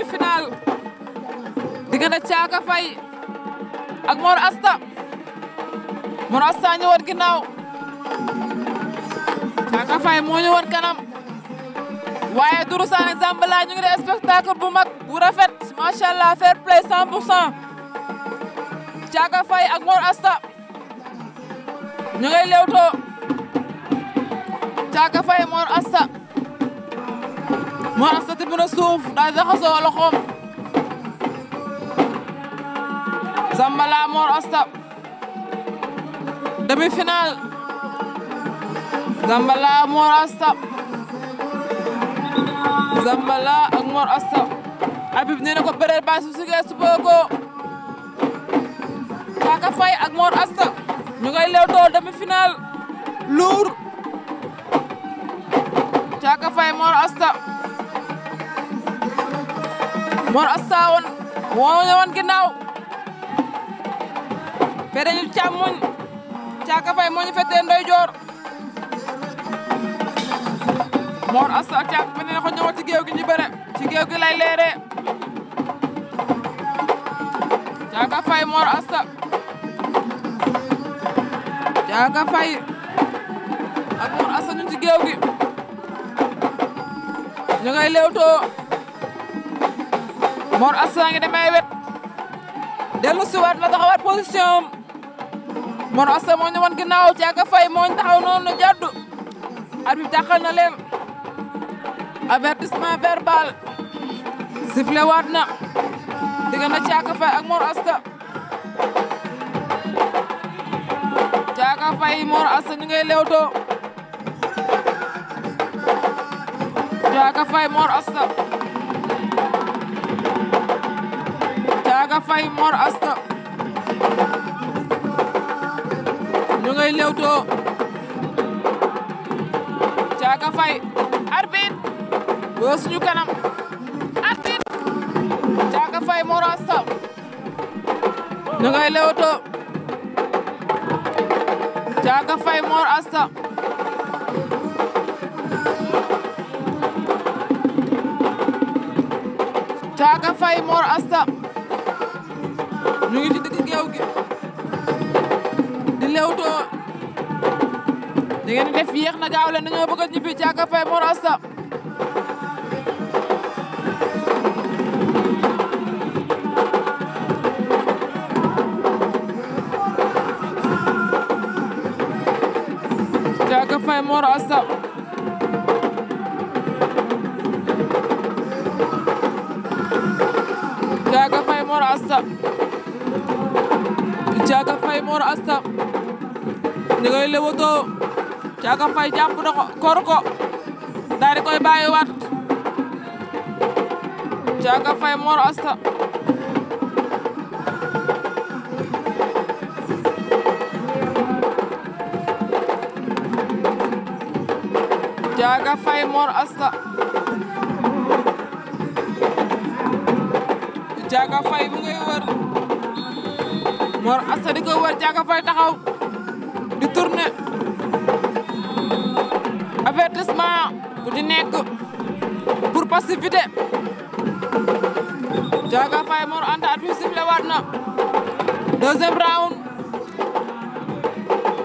demi-finale diggante Thiaka Faye ak Mor Asta Mor Asta ñu woon ginnaaw Thiaka Faye moo ñu woon kanam waaye Dourou Sané Zambala ngi def spectacle bu mag bu rafet macha allah play 100 pour cent Thiaka Faye ak Mor Asta ñu ngay lewtoo Thiaka Faye Mor Asta mu astati mu ne suuf daa jaxasoo loxoom Asta demi-finale Zambala Asta Zambala Asta Habib nee ko bëreer ba su sigee subogo Kaka Faye ak Asta ñu ngay lew doo demi-finale lour Kaka Faye Mor Asta Mor Asta woon woo na woon ginnaaw fere ñu càmmuñ Caaka Fay moo ñu fetee ndeyjoor Mor Asta ak Caaka Fay ne ko ñëw ci géew gi ñu ci géew gi lay leeree Caaka Fay Mor Asta Caaka Fay ak Mor Asta ñu ci géew gi ñu ngay leewtoo Mor Asta ngi demee wet dellu si waat na taxawaat position am Mor Asta moo ñu wan ginnaaw Thiaka Faye moo ñu taxaw noonu jàddu arbitre bi taxal na leen avertissement verbal sifflé waat na diggante Thiaka Faye ak Mor Asta Thiaka Faye Mor Asta ñu ngay lewtoo Thiaka Faye Mor Asta Ndiaga Faye Mor Asta ñu ngay lewtoo Ndiaga Faye arbitre Mor Asta ñu ngay lewtoo Ndiaga Faye Mor Asta ñu ngi ci digg géew gi di lewtoo da ngeen def yéex na gaaw leen dañoo bëgg a ñibbi Caaka Faye Mor Asta Caaka Faye Mor Asta Caaka Faye Mor Asta ñu ngay lewatoo na kor ko daal di koy bàyyiwaat Caaka Faye Mor Asta Caaka Faye Mor Asta Caaka Faye mu ngay wër Mor a di ko wër Caaka Faye taxaw di tourné avertissement ku di nekk pour passivité Caaka Faye Mor Anta at bi sifflé waat na deuxième round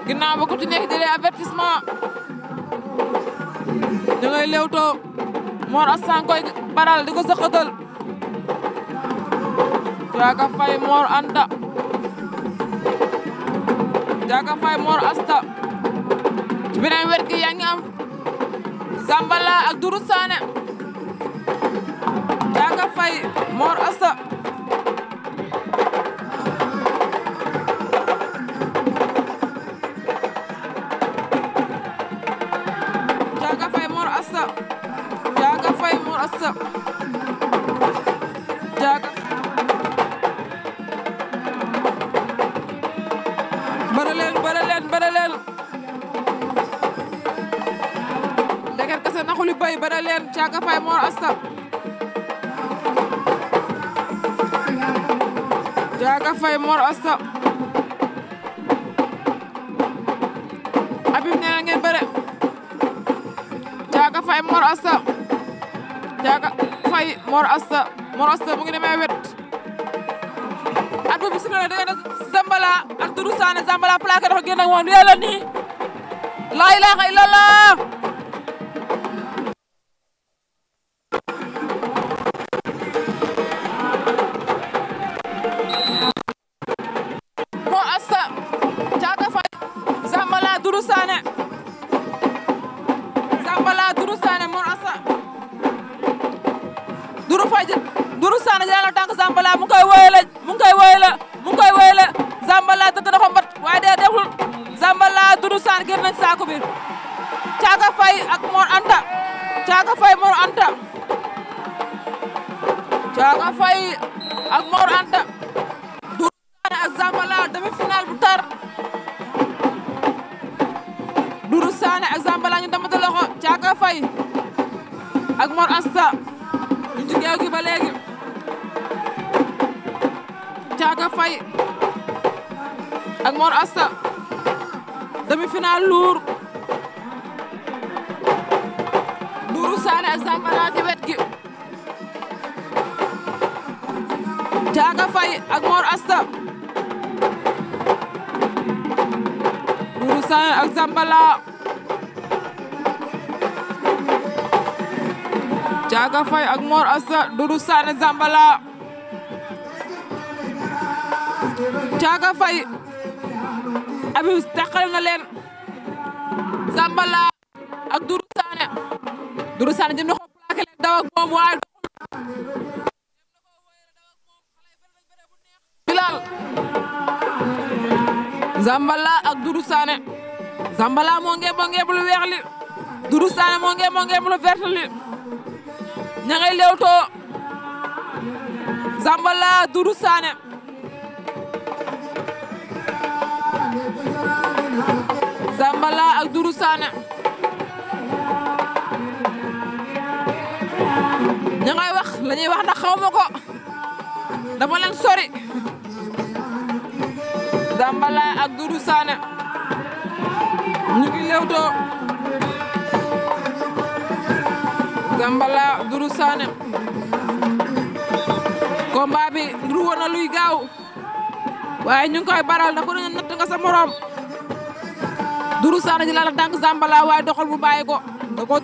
ginnaaw ku di nekk jëlee avertissement da ngay lewtoo Mor Asta koy baral di ko sëqatal Caaka Faye Mor Anta Ndiaga Faye Mor Asta ci beneen wet gi yaa ngi am Zambala ak Dourou Sané Ndiaga Faye Mor Asta Ndiaga Faye Mor Asta Ndiaga Faye Mor Asta seen Thiaka Faye Mor Asta Thiaka Faye Mor Asta Habib nee na ngeen bëre Thiaka Faye Mor Asta Thiaka Faye Mor Asta Mor Asta mu ngi demee wet at bu bis na dege na Zambala ak Doudou Sané Zambala plaqué dafa génn ak moom yàlla laa ilaaha illallah Faye ak Mor Anta Thiaka Faye Mor Anta Thiaka Faye ak Mor Anta Doudou Sané ak demi-finale bu tar Doudou Sané ak ñu damata loxo Thiaka Faye ak Mor Anta ñu jigéew gi ba léegi Thiaka ak Mor Anta demi-finale lourd Ibou Sané ak Zambala ci wet gi Thiaka Faye ak Mor Asta Doudou Sané ak Zambala Thiaka Faye ak Mor Asta Doudou Sané Zambala Thiaka Faye Abib takkal nga leen Zambala ak Doudou Doudou Sané jëm na ko plaqué leen daw ak Bilal Zambala ak Doudou Sané Zambala moo ngeem moo ngeem lu weex li Doudou Sané moo ngeem moo ngeem lu vert li ña ak Doudou Sané ña wax la wax ndax xaw ma ko leen sori Zambala ak Doudou Sané ñu ngi lewtoo Zambala Doudou Sané combat bi nduru woon na luy gaaw waaye ñu ngi koy baral na ko ne natt nga sa morom Doudou Sané di la la tànk waaye doxal bu bàyyi ko da koo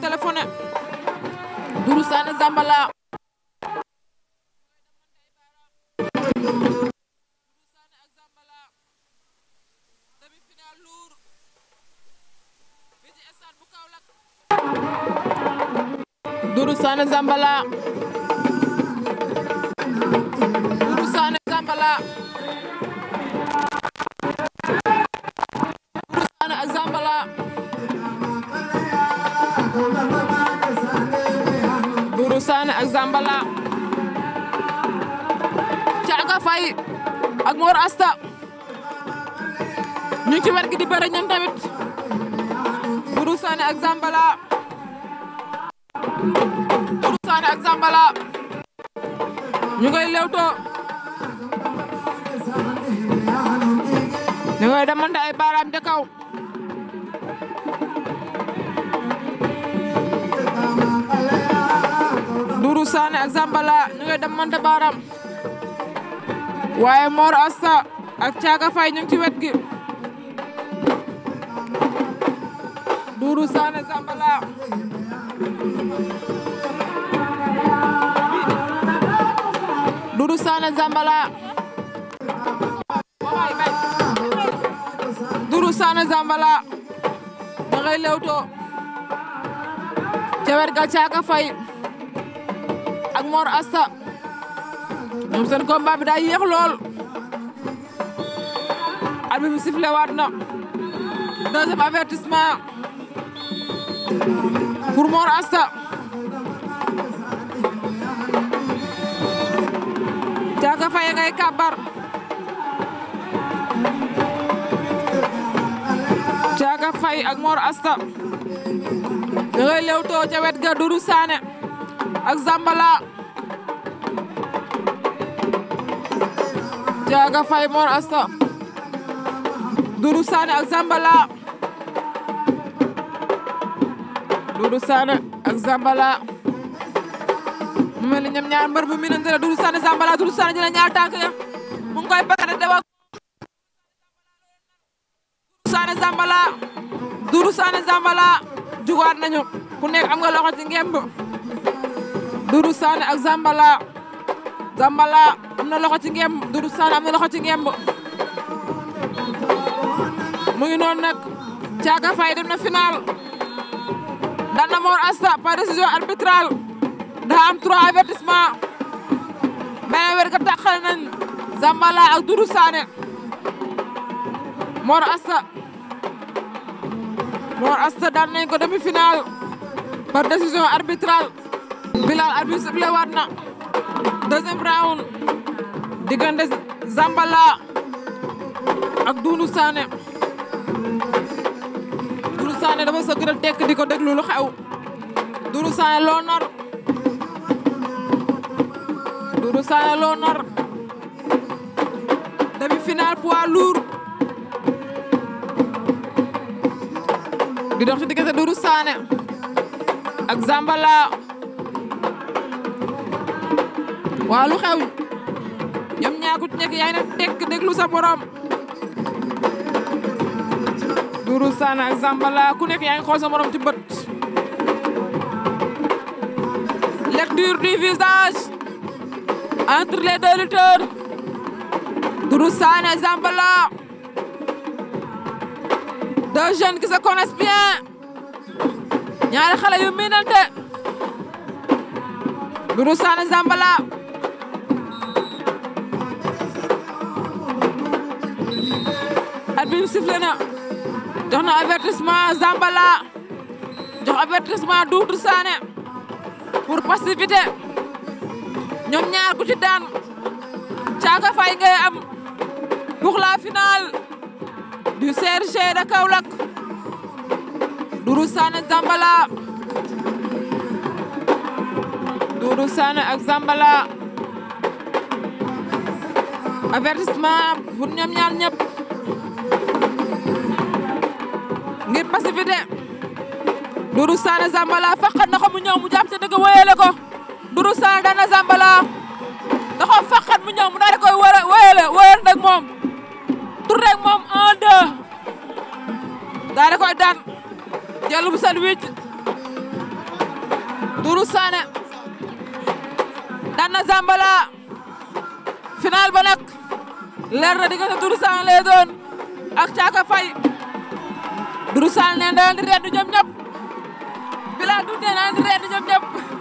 Dourou Sané Zambala Dourou Sané Zambala Diané ak Zambala Caaga Faye ak Mor Asta ñu ci wet gi di bëre ñoom tamit Buru Sané ak Zambala Buru Zambala ñu ngay lewtoo ñu ngay demante ay bara ak Zambala ñu ngi baaram waaye Mor Asta ak Thiaka Faye ñu ci wet gi Dourou Sané Zambala Dourou Sané Zambala Dourou Sané Zambala da ngay Mor Asta ñoom seen combat bi daa yéex lool arbitre bi sifflé waat na deuxième avertissement pour Mor Asta Caaka Faye ngay kàbbar Caaka Faye ak Mor Asta da ngay lewtoo ca wet ga Doudou Sané ak Zambala Ndiaga Faye Mor Asta Doudou Sané ak Zambala Doudou Sané ak Zambala mu mel ni ñoom ñaar mbër bu miinante la Doudou Sané Zambala Doudou Sané jël ñaar tànk ya mu ngi koy bëgg a dawal Doudou Sané Zambala Doudou Sané Zambala jugaat nañu ku nekk am nga loxo ci ngemb Doudou Sané ak Zambala Zambala am na loxo ci ngemb Doudou Sane am na loxo ci ngemb mu ngi noonu nag Thiaka Faye dem na final daan na Mor Asta par décision arbitrale daa am trois avertissement beneen wér ga taxal nañ Zambala ak Doudou Sane Mor Asta Mor Asta daan nañ ko demi final par décision arbitrale bilal arbitre sifflé waat na deuxième round diggante Zambala ak Doudou Sané Doudou Sané dafa sëgg rek tekk di ko déglu lu xew Doudou Sané loo nar Doudou Sané loo nar demi-finale poids lourd diggante Doudou Sané ak Zambala waa lu xew ñoom ñaar ku ci nekk yaay na tekk déglu sa borom Dourou Sane Zambala ku nekk yaa ngi xool morom ci bët lecture du visage entre les deux lutteurs Dourou Sane Zambala deux jeunes qui se connaissent bien ñaari xale yu miinante Dourou Sane Zambala arbitre bi sifflé na jox na avertissement Zambala jox avertissement Doudou Sané pour passivité ñoom ñaar ku ci daan caaga fay ngay am pour la du CRG de Kaolack Doudou Sané Zambala Doudou Sané ak Zambala avertissement pour ñoom ñaar ñëpp ngir passivité Dourou Sané Zambala faqat na ko mu ñëw mu jàpp ca dëgg ko Dourou Sané dana Zambala da ko faqat mu ñëw mu daal koy wéyale wéyale wéyale rek moom tur moom 1 2 daal koy daan jël bu seen wicc Dourou Sané daan ba nag leer na diggante Dourou Sané ak Caaka Faye Dourou Sall nee na da leen di reedu ñoom ñëpp Bilal Dourou na da leen di reedu